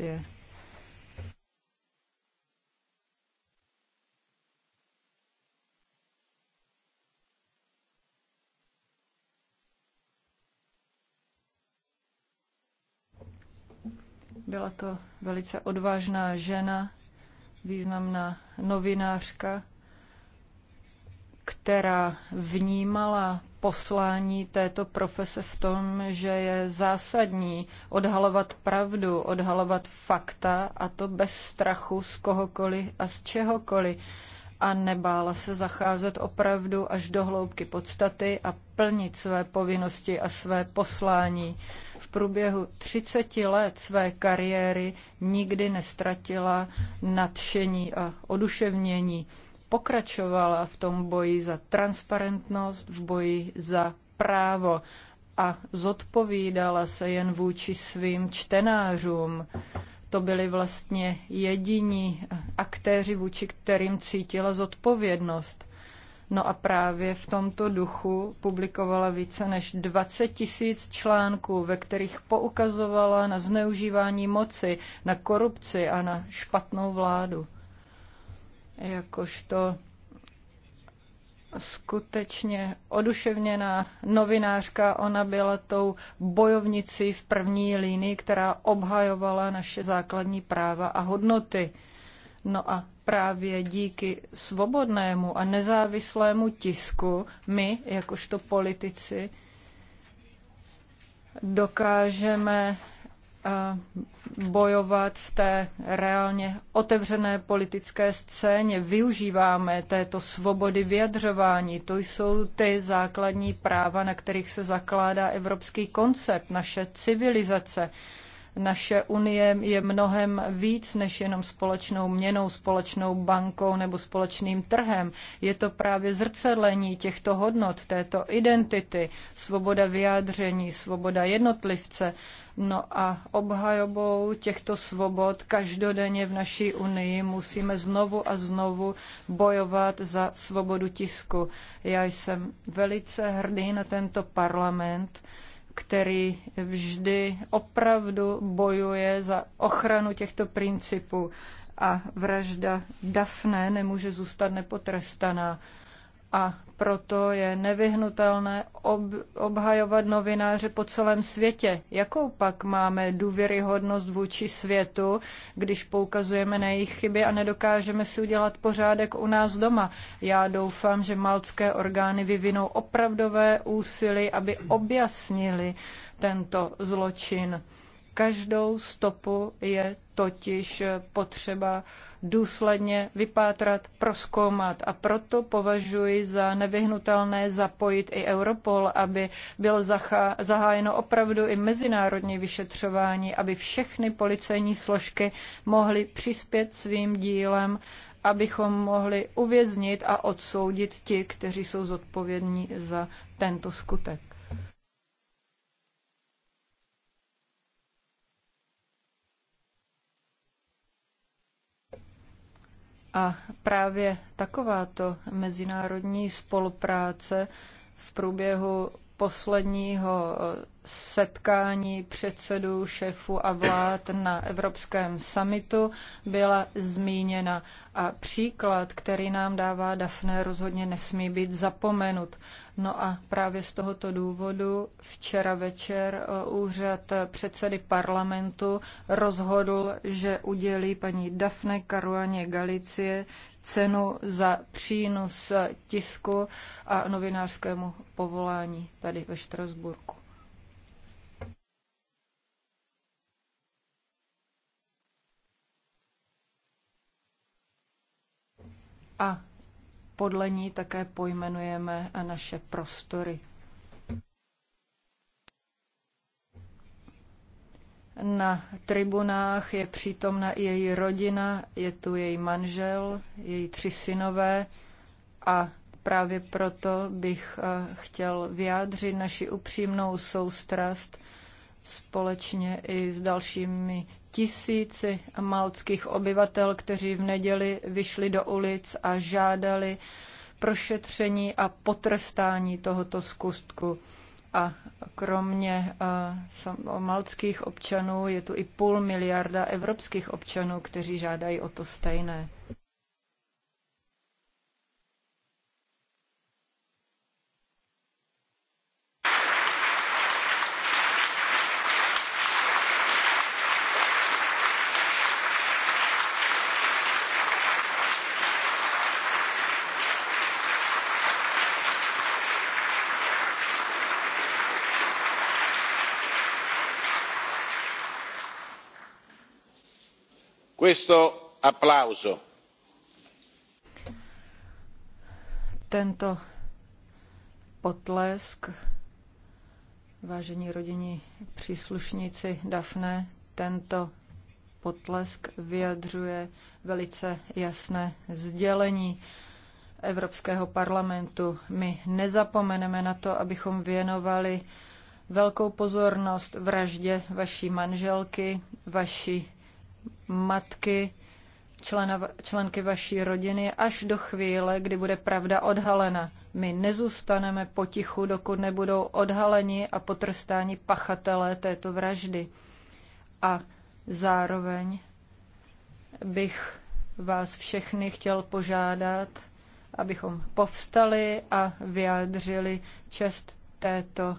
existuje. Byla to velice odvážná žena, významná novinářka, která vnímala poslání této profese v tom, že je zásadní odhalovat pravdu, odhalovat fakta a to bez strachu z kohokoliv a z čehokoliv a nebála se zacházet opravdu až do hloubky podstaty a plnit své povinnosti a své poslání. V průběhu 30 let své kariéry nikdy nestratila nadšení a oduševnění pokračovala v tom boji za transparentnost, v boji za právo a zodpovídala se jen vůči svým čtenářům. To byli vlastně jediní aktéři, vůči kterým cítila zodpovědnost. No a právě v tomto duchu publikovala více než 20 tisíc článků, ve kterých poukazovala na zneužívání moci, na korupci a na špatnou vládu jakožto skutečně oduševněná novinářka. Ona byla tou bojovnicí v první linii, která obhajovala naše základní práva a hodnoty. No a právě díky svobodnému a nezávislému tisku my, jakožto politici, dokážeme bojovat v té reálně otevřené politické scéně. Využíváme této svobody vyjadřování. To jsou ty základní práva, na kterých se zakládá evropský koncept, naše civilizace. Naše unie je mnohem víc než jenom společnou měnou, společnou bankou nebo společným trhem. Je to právě zrcadlení těchto hodnot, této identity, svoboda vyjádření, svoboda jednotlivce, No a obhajobou těchto svobod každodenně v naší Unii musíme znovu a znovu bojovat za svobodu tisku. Já jsem velice hrdý na tento parlament, který vždy opravdu bojuje za ochranu těchto principů a vražda Dafne nemůže zůstat nepotrestaná a proto je nevyhnutelné ob, obhajovat novináře po celém světě. Jakou pak máme důvěryhodnost vůči světu, když poukazujeme na jejich chyby a nedokážeme si udělat pořádek u nás doma? Já doufám, že malcké orgány vyvinou opravdové úsilí, aby objasnili tento zločin Každou stopu je totiž potřeba důsledně vypátrat, proskoumat a proto považuji za nevyhnutelné zapojit i Europol, aby bylo zahájeno opravdu i mezinárodní vyšetřování, aby všechny policejní složky mohly přispět svým dílem abychom mohli uvěznit a odsoudit ti, kteří jsou zodpovědní za tento skutek. A právě takováto mezinárodní spolupráce v průběhu posledního eh, setkání předsedů, šéfů a vlád na Evropském summitu byla zmíněna. A příklad, který nám dává Dafne, rozhodně nesmí být zapomenut. No a právě z tohoto důvodu včera večer eh, úřad předsedy parlamentu rozhodl, že udělí paní Dafne Karuaně Galicie cenu za přínos tisku a novinářskému povolání tady ve Štrasburku. A podle ní také pojmenujeme naše prostory. Na tribunách je přítomna i její rodina, je tu její manžel, její tři synové a právě proto bych eh, chtěl vyjádřit naši upřímnou soustrast společně i s dalšími tisíci malckých obyvatel, kteří v neděli vyšli do ulic a žádali prošetření a potrestání tohoto skutku. A kromě eh, maltských občanů je tu i půl miliarda evropských občanů, kteří žádají o to stejné. questo applauso tento potlesk vážení rodinní příslušníci Dafne, tento potlesk vyjadřuje velice jasné sdělení Evropského parlamentu. My nezapomeneme na to, abychom věnovali velkou pozornost vraždě vaší manželky, vaší matky, člena, členky vaší rodiny až do chvíle, kdy bude pravda odhalena. My nezůstaneme potichu, dokud nebudou odhaleni a potrstáni pachatelé této vraždy. A zároveň bych vás všechny chtěl požádat, abychom povstali a vyjádřili čest této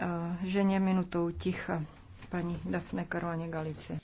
eh, ženě minutou ticha, paní Dafne Karoline Galici.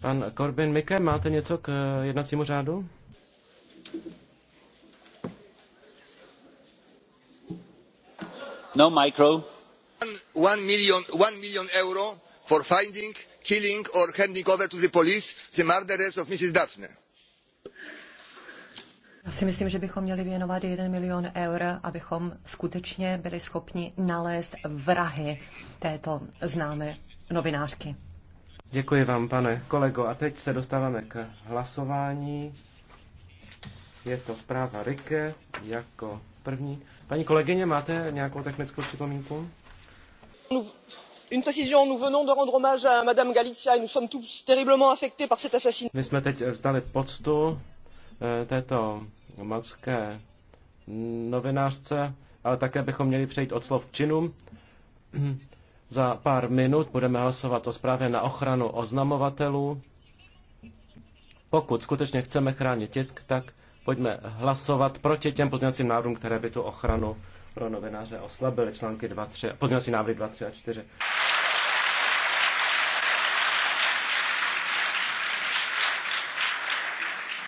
Pan Corbin Mikke, máte něco k eh, jednacímu řádu? No micro. One million, one million euro for finding, killing or handing over to the police the murderers of Mrs. Daphne. Já si myslím, že bychom měli věnovat jeden milion eur, abychom skutečně byli schopni nalézt vrahy této známé novinářky. Děkuji vám, pane kolego. A teď se dostáváme k hlasování. Je to zpráva Rike jako první. Paní kolegyně, máte nějakou technickou připomínku? Une précision, nous venons de rendre hommage à Madame et nous sommes tous terriblement affectés par cet assassinat. My jsme teď vzdali poctu eh, této mocké novinářce, ale také bychom měli přejít od slov k činům. Za pár minut budeme hlasovat o zprávě na ochranu oznamovatelů. Pokud skutečně chceme chránit tisk, tak pojďme hlasovat proti těm pozměňovacím návrhům, které by tu ochranu pro novináře oslabily, články 2, 3, pozměňovací návrhy 2, 3 a 4.